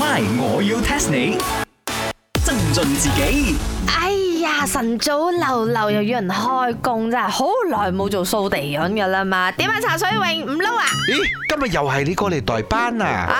MY，我要 test 你，增進自己。哎呀，晨早流流又要人開工真係，好耐冇做掃地人噶啦嘛，點解茶水泳唔撈啊？咦，今日又係你過嚟代班啊？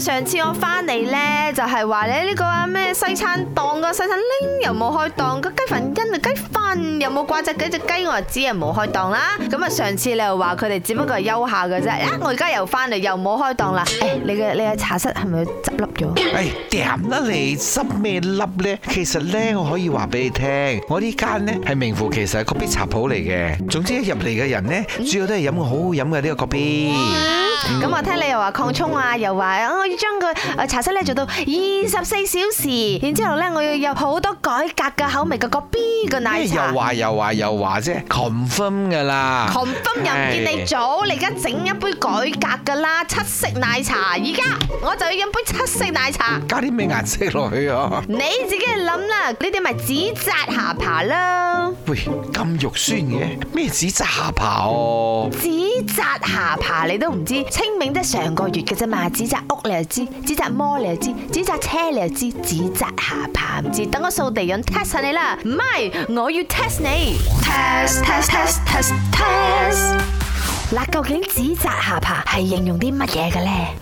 上次我翻嚟呢，就係話咧呢個咩西餐檔個西餐拎又冇開檔？個雞粉因個雞飯又冇掛隻幾隻雞？我就知啊冇開檔啦。咁啊上次你又話佢哋只不過係休下嘅啫。啊！我而家又翻嚟又冇開檔啦。你嘅你嘅茶室係咪執笠咗？誒、哎，掂得嚟執咩笠呢？其實呢，我可以話俾你聽，我呢間呢，係名副其實咖啡茶鋪嚟嘅。總之一入嚟嘅人呢，主要都係飲好好飲嘅呢個咖啡。咁、嗯、我聽你。話擴充啊，又話我要將個茶室咧做到二十四小時，然之後咧我要有好多改革嘅口味嘅個 B 嘅奶茶。又話又話又話啫，confirm 嘅啦，confirm 又唔見你是早，你而家整一杯改革嘅啦，七色奶茶，而家我就要飲杯七色奶茶，加啲咩顏色落去啊？你自己去諗啦，呢啲咪紙紮下巴啦。喂，咁肉酸嘅咩紙紮下巴哦、啊？紙紮下巴，你都唔知，清明得上。個月嘅啫嘛，紙紮屋你又知，紙紮摩你又知，紙紮車你又知，紙紮下巴唔知，等我掃地樣 test 你啦，唔係我要 test 你，test test test test test，嗱，究竟紙紮下巴」係形容啲乜嘢嘅咧？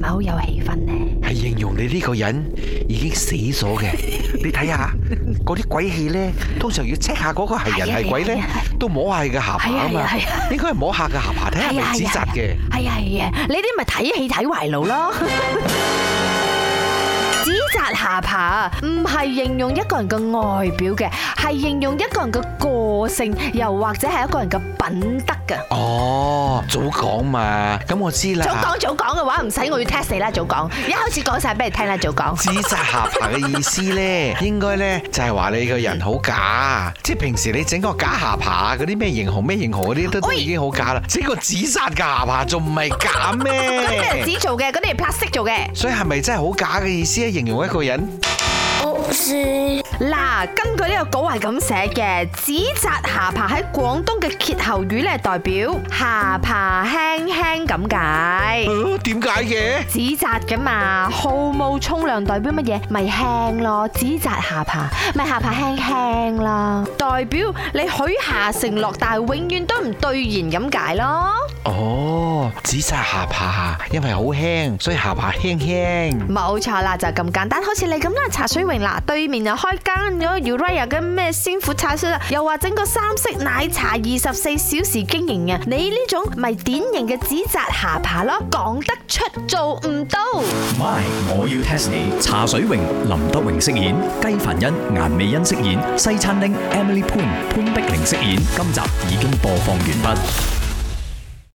唔係好有氣氛咧，係形容你呢個人已經死咗嘅。你睇下，嗰啲鬼戲咧，通常要 check 下嗰個係人係鬼咧，都摸下佢下巴啊嘛。應該係摸下佢下巴，睇下佢紙紮嘅。係啊係啊，你啲咪睇戲睇壞路咯。下巴唔係形容一個人嘅外表嘅，係形容一個人嘅個性，又或者係一個人嘅品德㗎。哦，早講嘛，咁我知啦。早講早講嘅話唔使我要 test 你啦，早講，一開始講晒俾你聽啦，早講。紙紮下巴嘅意思咧，應該咧就係話你個人好假，即係平時你整個假下巴，嗰啲咩型號咩型號嗰啲都已經好假啦，整喂個紙紮嘅下巴仲唔係假咩？嗰啲係紙做嘅，嗰啲係 plastic 做嘅。所以係咪真係好假嘅意思咧？形容一個人。嗱，根據呢個稿係咁寫嘅，紙紮下巴喺廣東嘅歇後語咧，代表下巴輕輕咁解。嗯，點解嘅？紙紮㗎嘛，毫無重量代表乜嘢？咪輕咯，紙紮下巴咪、就是、下巴輕輕咯，代表你許下承諾，但係永遠都唔兌現咁解咯。哦。紙紮下巴，因為好輕，所以下巴輕輕。冇錯啦，就咁簡單，好似你咁啦。茶水榮啦，對面又開間咗 U Raya 嘅咩鮮苦茶水啦，又話整個三色奶茶二十四小時經營嘅，你呢種咪、就是、典型嘅紙紮下巴咯，講得出做唔到。My，我要 test 你。茶水榮，林德榮飾演，雞凡恩、顏美欣飾演，西餐廳 Emily Poon 潘潘碧玲飾演。今集已經播放完畢。